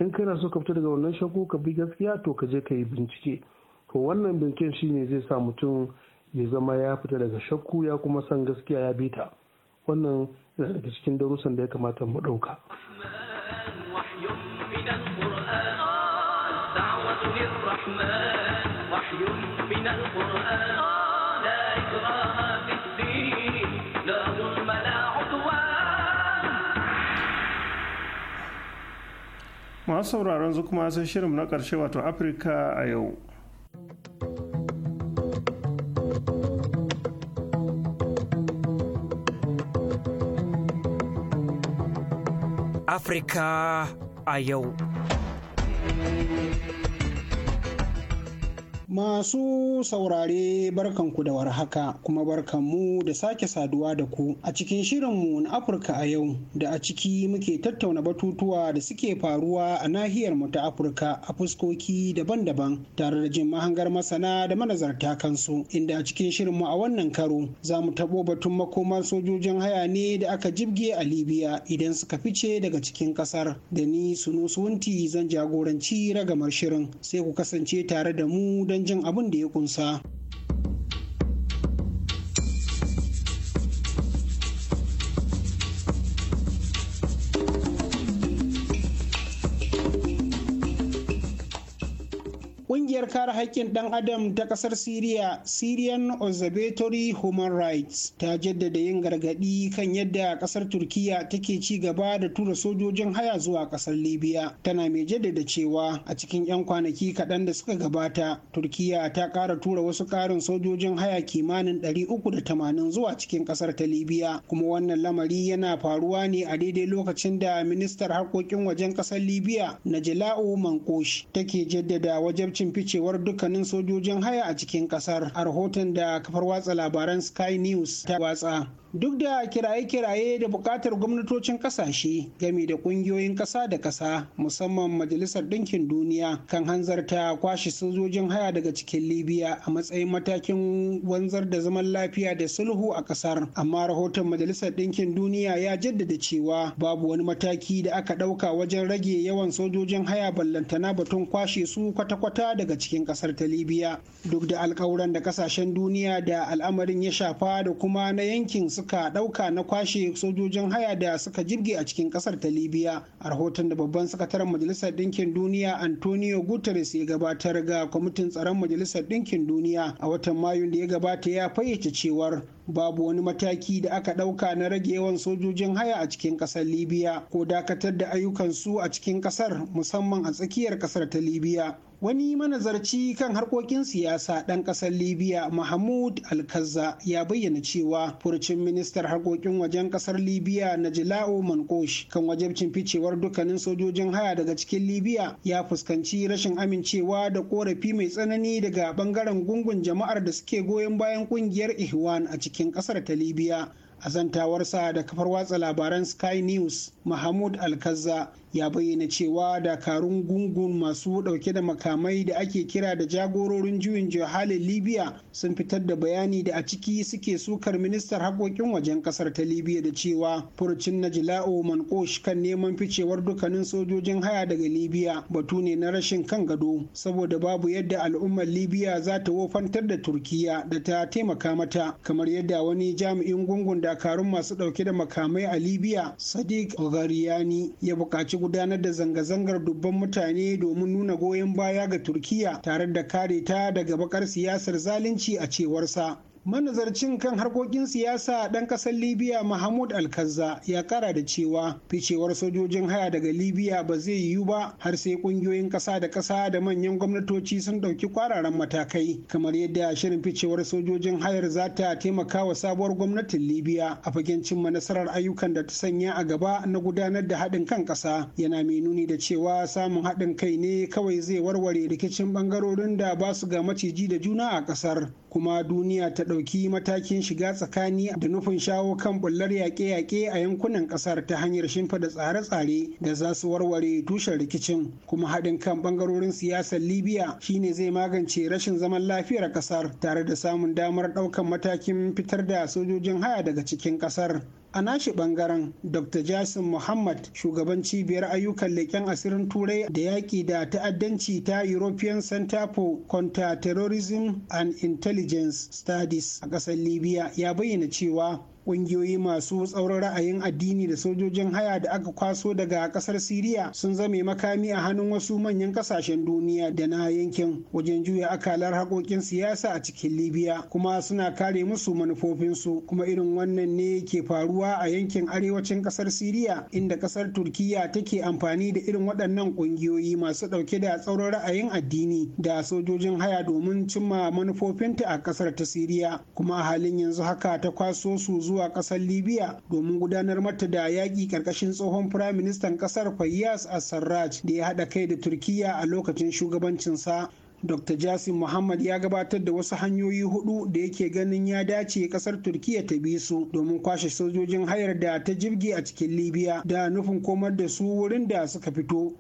Speaker 9: in kana so ka fita daga wannan shakku ka bi gaskiya to ka je ka yi bincike to wannan binciken shi ne zai sa mutum ya zama ya fita daga shakku ya kuma san gaskiya ya bi ta wannan yana daga cikin darussan da ya kamata mu ɗauka.
Speaker 10: من
Speaker 2: masu sauraron zu kuma sai shirin na ƙarshe wato afirka a yau
Speaker 3: afirka a yau
Speaker 6: Masu saurare barkanku da warhaka kuma barkanmu da sake saduwa da ku a cikin shirinmu na Afirka a yau da a ciki muke tattauna batutuwa da suke faruwa a nahiyar mu ta Afirka a fuskoki daban-daban tare da jin mahangar masana da manazarta kansu inda a cikin shirinmu a wannan karo za mu tabo batun makomar sojojin haya ne da aka jibge a Libya idan suka fice daga cikin kasar da ni Sunusunti zan jagoranci ragamar shirin sai ku kasance tare da mu don canjin abin da ya kunsa. Ƙungiyar kare haƙƙin ɗan adam ta ƙasar Siriya, Syrian Observatory Human Rights, ta jaddada yin gargaɗi kan yadda ƙasar Turkiya take ci gaba da tura sojojin haya zuwa ƙasar Libya. Tana mai jaddada cewa a cikin 'yan kwanaki kaɗan da suka gabata, Turkiya ta ƙara tura wasu ƙarin sojojin haya kimanin 380 zuwa cikin ƙasar ta Libya. Kuma wannan lamari yana faruwa ne a daidai lokacin da ministar harkokin wajen ƙasar Libya, Najila'u Mankosh, take jaddada wajen cin ficewar dukkanin sojojin haya a cikin kasar a rahoton da kafar watsa labaran sky news ta watsa duk da kiraye-kiraye da buƙatar gwamnatocin ƙasashe game da ƙungiyoyin ƙasa da ƙasa musamman majalisar ɗinkin duniya kan hanzarta kwashe sojojin haya daga cikin libya a matsayin matakin wanzar da zaman lafiya da sulhu a ƙasar amma rahoton majalisar ɗinkin duniya ya jaddada cewa babu wani mataki da aka ɗauka wajen rage yawan sojojin haya ballantana batun kwashe su kwata-kwata daga cikin ƙasar ta libya duk da alƙawuran da ƙasashen duniya da al'amarin ya shafa da kuma na yankin su suka ɗauka na kwashe sojojin haya da suka jirge a cikin ƙasar ta libya a rahoton da babban sakataren majalisar ɗinkin duniya antonio guterres ya gabatar ga kwamitin tsaron majalisar ɗinkin duniya a watan mayun da ya gabata ya fayyace cewar babu wani mataki da aka ɗauka na rage yawan sojojin haya a cikin ƙasar libya ko dakatar da ayyukansu a cikin ƙasar musamman a tsakiyar ƙasar ta libya wani manazarci kan harkokin siyasa ɗan ƙasar libya mahmud alkazza ya bayyana cewa furcin ministar harkokin wajen ƙasar libya na jila'o mankosh kan wajabcin ficewar dukkanin sojojin haya daga cikin libya ya fuskanci rashin amincewa da korafi mai tsanani daga bangaren gungun jama'ar da suke goyon bayan ƙungiyar ihwan a cikin ƙasar ta libya a zantawarsa da kafar watsa labaran sky news mahmud alkazza ya bayyana cewa dakarun gungun masu dauke da makamai da ake kira da jagororin juyin halin libya sun fitar da bayani da a ciki suke sukar ministar harkokin wajen kasar ta libya da cewa furucin na jila'o mankosh kan neman ficewar dukkanin sojojin haya daga libya batu ne na rashin kan gado saboda babu yadda al'ummar libya za ta wofantar da turkiya da ta taimaka mata kamar yadda wani jami'in gungun dakarun masu dauke da makamai a libya sadiq ogariyani ya buƙaci gudanar da zanga-zangar dubban mutane domin nuna goyon baya ga turkiya tare da kare ta daga bakar siyasar zalunci a cewarsa manazarcin kan harkokin siyasa ɗan ƙasar libya mahmud alkazza ya kara da cewa ficewar sojojin haya daga libya ba zai yiwu ba har sai ƙungiyoyin ƙasa da ƙasa da manyan gwamnatoci sun ɗauki kwararan matakai kamar yadda shirin ficewar sojojin hayar za ta taimaka wa sabuwar gwamnatin libya a fagen cimma nasarar ayyukan da ta sanya a gaba na gudanar da haɗin kan ƙasa yana mai nuni da cewa samun haɗin kai ne kawai zai warware rikicin ɓangarorin da ba su ga maciji da juna a ƙasar kuma duniya ta ɗauki matakin shiga tsakani da nufin shawo kan bullar yaƙe-yaƙe a yankunan ƙasar ta hanyar shimfiɗa tsare-tsare da za su warware tushen rikicin kuma haɗin kan ɓangarorin siyasar libya shine zai magance rashin zaman lafiyar ƙasar tare da samun damar ɗaukan matakin fitar da sojojin haya daga cikin ƙasar a nashi bangaren dr jasim muhammad shugaban cibiyar ayyukan leƙen asirin turai da yaƙi da ta'addanci ta european center for counter terrorism and intelligence studies a ƙasar libya ya bayyana cewa Ƙungiyoyi masu tsauran ra'ayin addini da sojojin haya da aka kwaso daga ƙasar Siriya sun zame makami a hannun wasu manyan ƙasashen duniya da na yankin wajen juya akalar haƙoƙin siyasa a cikin Libya kuma suna kare musu manufofinsu kuma irin wannan ne ke faruwa a yankin arewacin ƙasar Siriya inda ƙasar Turkiya take amfani da irin waɗannan ƙungiyoyi masu ɗauke da tsauran ra'ayin addini da sojojin haya domin cimma manufofinta a ƙasar ta Siriya kuma a halin yanzu haka ta kwaso su zuwa kasar libya domin gudanar mata da yaƙi ƙarƙashin tsohon firayim firaministan ƙasar fayyas assarraj da ya haɗa kai da turkiya a lokacin shugabancinsa dr jasim muhammad ya gabatar da wasu hanyoyi hudu da yake ganin ya dace kasar turkiya ta bi su domin kwashe sojojin hayar da ta jirgi a cikin libya da nufin komar da su wurin da suka fito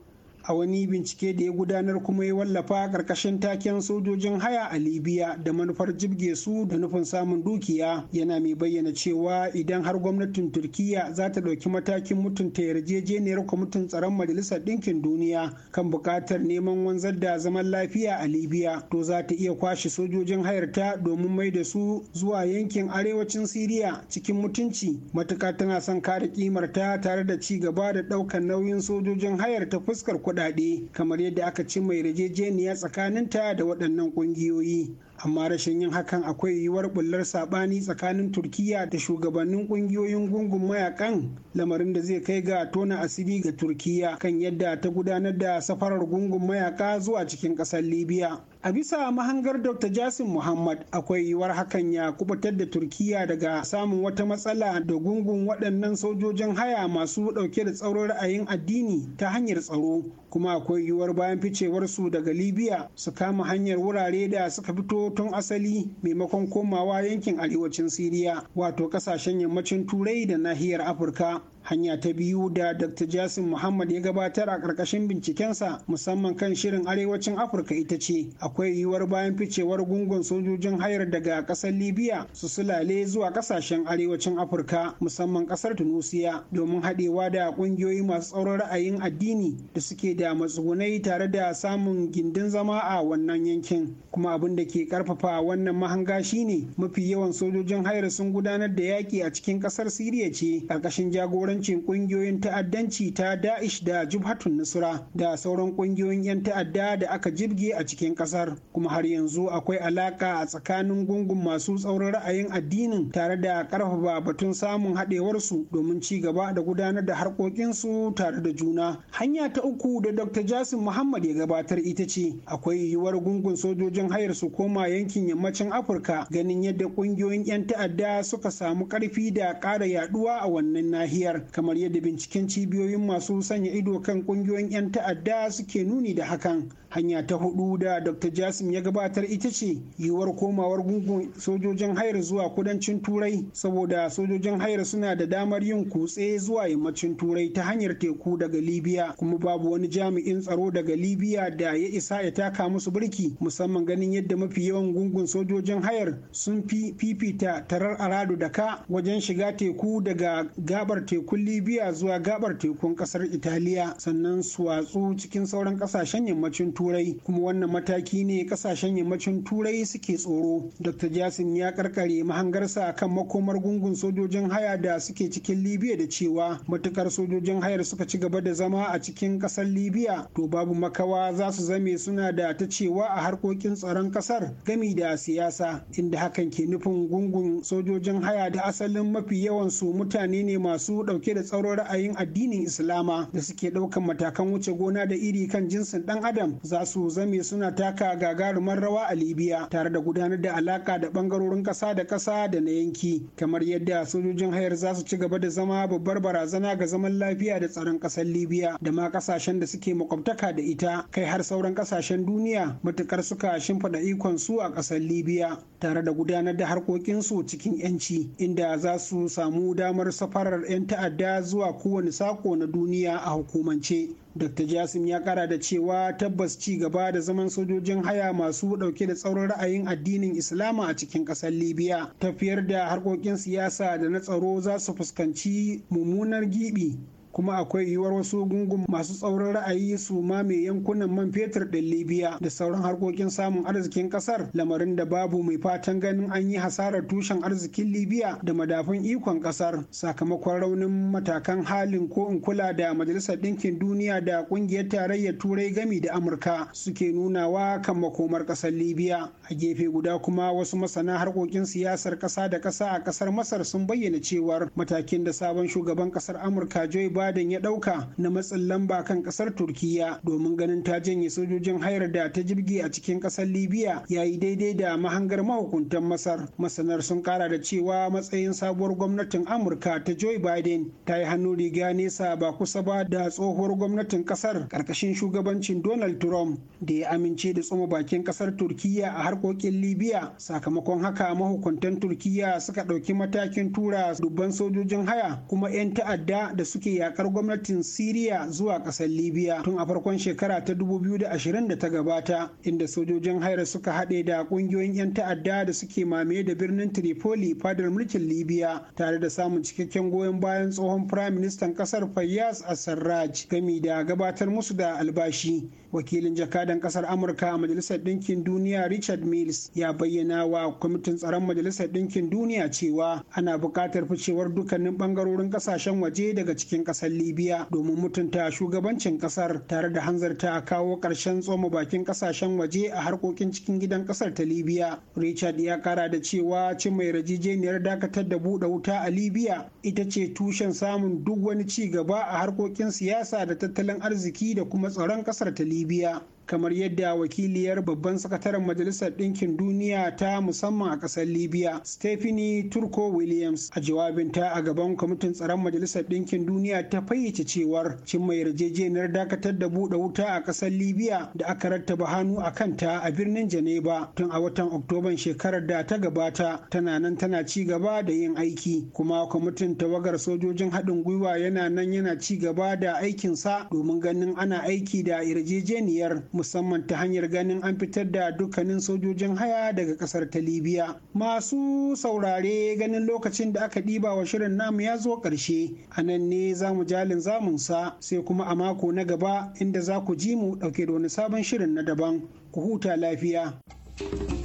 Speaker 6: a wani bincike da ya gudanar kuma ya wallafa ƙarƙashin taken sojojin haya a libya da manufar jibge su da nufin samun dukiya yana mai bayyana cewa idan har gwamnatin turkiya za ta ɗauki matakin mutunta yarjejeniyar kwamitin tsaron majalisar ɗinkin duniya kan buƙatar neman wanzar da zaman lafiya a libya to za ta iya kwashe sojojin hayarta domin mai da su zuwa yankin arewacin siriya cikin mutunci matuƙa tana son kare kimarta tare da ci gaba da ɗaukar nauyin sojojin hayar ta fuskar kuɗaɗe kamar yadda aka ci mai yarjejeniya tsakaninta da waɗannan ƙungiyoyi amma rashin yin hakan akwai yiwuwar bullar saɓani tsakanin turkiya da shugabannin ƙungiyoyin gungun mayakan lamarin da zai kai ga tona asiri ga turkiya kan yadda ta gudanar da safarar gungun mayaka zuwa cikin ƙasar libya a bisa mahangar dr jasim muhammad akwai yiwuwar hakan ya kubutar da turkiya daga samun wata matsala da gungun waɗannan sojojin haya masu ɗauke da tsaron ra'ayin addini ta hanyar tsaro kuma akwai yiwuwar bayan ficewarsu daga libya su kama hanyar wurare da suka fito tun asali maimakon komawa yankin arewacin siriya wato kasashen yammacin turai da nahiyar afirka hanya ta biyu da dr jasim muhammad ya gabatar a ƙarƙashin bincikensa musamman kan shirin arewacin afirka ita ce akwai yiwuwar bayan ficewar gungun sojojin hayar daga ƙasar libya su sulale zuwa ƙasashen arewacin afirka musamman ƙasar tunisia domin haɗewa da ƙungiyoyi masu tsauran ra'ayin addini da suke da matsugunai tare da samun gindin zama a wannan yankin kuma abin da ke karfafa wannan mahanga shine mafi yawan sojojin hayar sun gudanar da yaƙi a cikin ƙasar siriya ce ƙarƙashin jagoran jagorancin kungiyoyin ta'addanci ta Da'ish da Jubhatun Nusra da sauran kungiyoyin 'yan ta'adda da aka jirge a cikin kasar kuma har yanzu akwai alaka a tsakanin gungun masu tsaurin ra'ayin addinin tare da karfafa batun samun haɗewarsu domin ci gaba da gudanar da harkokinsu tare da juna. Hanya ta uku da Dr. Jasim Muhammad ya gabatar ita ce akwai yiwuwar gungun sojojin hayar su koma yankin yammacin Afirka ganin yadda kungiyoyin 'yan ta'adda suka samu ƙarfi da ƙara yaduwa a wannan nahiyar kamar yadda binciken cibiyoyin masu sanya ido kan kungiyoyin 'yan ta'adda suke nuni da hakan hanya ta hudu da dr jasim ya gabatar ita ce yiwuwar komawar gungun sojojin hayar zuwa kudancin turai saboda sojojin hayar suna da damar yin kutse zuwa yammacin turai ta hanyar teku daga libya kuma babu wani jami'in tsaro daga libya da ya isa ya taka musu birki musamman ganin yadda mafi yawan gungun sojojin hayar sun fi fifita tarar aradu da ka wajen shiga teku daga gabar teku tekun libya zuwa gabar tekun kasar italiya sannan su watsu cikin sauran kasashen yammacin turai kuma wannan mataki ne kasashen yammacin turai suke tsoro dr jasin ya karkare mahangarsa akan makomar gungun sojojin haya da suke cikin libya da cewa matukar sojojin hayar suka ci gaba da zama a cikin kasar libya to babu makawa za su zame suna da ta cewa a harkokin tsaron kasar gami da siyasa inda hakan ke nufin gungun sojojin haya da asalin mafi yawan su mutane ne masu dauke da tsaron ra'ayin addinin islama da suke daukan matakan wuce gona da iri kan jinsin dan adam za su zame suna taka gagarumar rawa a libya tare da gudanar da alaka da bangarorin kasa da kasa da na yanki kamar yadda sojojin hayar za su ci gaba da zama babbar barazana ga zaman lafiya da tsaron kasar libya da ma kasashen da suke makwabtaka da ita kai har sauran kasashen duniya matukar suka shimfiɗa ikon su a kasar libya tare da gudanar da harkokinsu cikin yanci inda za su samu damar safarar 'yan ta'ad takarda zuwa kowane sako na duniya a hukumance dr jasim ya kara da cewa tabbas ci gaba da zaman sojojin haya masu dauke da tsaurin ra'ayin addinin islama a cikin kasar libya tafiyar da harkokin siyasa da na tsaro za su fuskanci mummunar gibi kuma akwai yiwuwar wasu gungun masu tsaurin ra'ayi su mai yankunan man fetur da libiya da sauran harkokin samun arzikin ƙasar lamarin da babu mai fatan ganin an yi hasarar tushen arzikin libiya da madafun ikon ƙasar sakamakon raunin matakan halin ko in kula da majalisar ɗinkin duniya da ƙungiyar tarayyar turai gami da amurka suke nunawa kan makomar ƙasar libiya. a gefe guda kuma wasu masana harkokin siyasar ƙasa da ƙasa a ƙasar masar sun bayyana cewar matakin da sabon shugaban ƙasar amurka joe baden ya ɗauka na matsin lamba kan ƙasar turkiya domin ganin ta janye sojojin hayar da ta jirgi a cikin ƙasar libya ya yi daidai da mahangar mahukuntan masar masanar sun ƙara da cewa matsayin sabuwar gwamnatin amurka ta joe biden ta yi hannu riga nesa ba kusa ba da tsohuwar gwamnatin ƙasar ƙarƙashin shugabancin donald trump da ya amince da tsoma bakin ƙasar turkiya a harkokin libya sakamakon haka mahukuntan turkiya suka ɗauki matakin tura dubban sojojin haya kuma 'yan ta'adda da suke ya iyakar gwamnatin Siriya zuwa ƙasar Libya tun a farkon shekara ta 2020 da ta gabata inda sojojin haira suka haɗe da ƙungiyoyin 'yan ta'adda da suke mamaye da birnin Tripoli fadar mulkin Libya tare da samun cikakken goyon bayan tsohon Firaministan ƙasar Fayyaz sarraj gami da gabatar musu da albashi. wakilin jakadan kasar amurka a majalisar ɗinkin duniya richard mills ya bayyana wa kwamitin tsaron majalisar ɗinkin duniya cewa ana buƙatar ficewar dukkanin ɓangarorin ƙasashen waje daga cikin ƙasar libya domin mutunta shugabancin ƙasar tare da hanzarta a kawo ƙarshen tsoma bakin ƙasashen waje a harkokin cikin gidan ƙasar ta libya richard ya kara da cewa cin mai rajijeniyar dakatar da buɗe wuta a libya ita ce tushen samun duk wani ci gaba a harkokin siyasa da tattalin arziki da kuma tsaron ƙasar ta libya Libia kamar yadda wakiliyar babban sakataren majalisar ɗinkin duniya ta musamman a ƙasar libya stephanie turko williams a jawabinta a gaban kwamitin tsaron majalisar ɗinkin duniya ta fayyace cewar cimma yarjejeniyar dakatar da buɗe wuta a ƙasar libya da aka rattaba hannu a kanta a birnin janeba tun a watan oktoban shekarar da ta gabata tana nan tana ci gaba da yin aiki kuma kwamitin tawagar sojojin haɗin gwiwa yana nan yana ci gaba da aikinsa domin ganin ana aiki da yarjejeniyar musamman ta hanyar ganin an fitar da dukkanin sojojin haya daga kasar ta libya masu saurare ganin lokacin da aka ɗiba wa shirin namu ya zo ƙarshe a nan ne za mu jalin zamunsa sai kuma a mako na gaba inda za ku ji mu ɗauke da wani sabon shirin na daban ku huta lafiya. you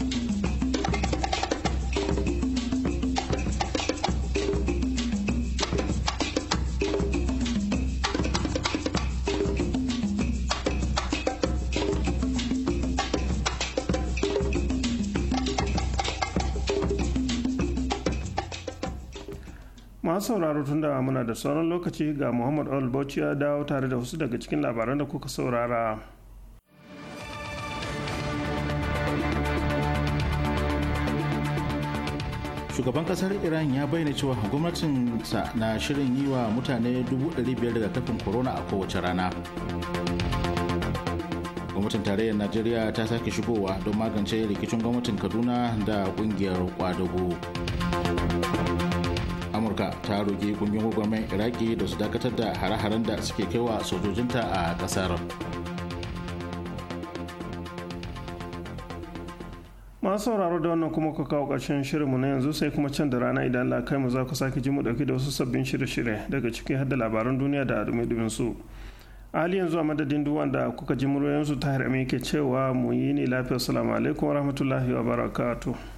Speaker 2: masu sauraro tun da muna da sauran lokaci ga muhammad al ya dawo tare da wasu daga cikin labaran da kuka saurara
Speaker 4: shugaban kasar iran ya bayyana cewa gwamnatinsa na shirin yi wa mutane 500,000 tafin corona a kowace rana gwamnatin tarayyar najeriya ta sake shigowa don magance rikicin gwamnatin kaduna da kungiyar kwadago. amurka ta roge kungiyoyin gwagwarmen iraki da su dakatar da hare-haren da suke kaiwa sojojinta a kasar
Speaker 2: masu sauraro da wannan kuma ka kawo ƙarshen shirinmu na yanzu sai kuma can da rana idan Allah kai mu za ku sake ji mu dauki da wasu sabbin shirye-shirye daga ciki har da labaran duniya da dumi-dumin su a hali yanzu a madadin duk wanda kuka ji muryoyinsu ta tahir ke cewa mu yi ne lafiya salamu alaikum wa rahmatullahi wa barakatuh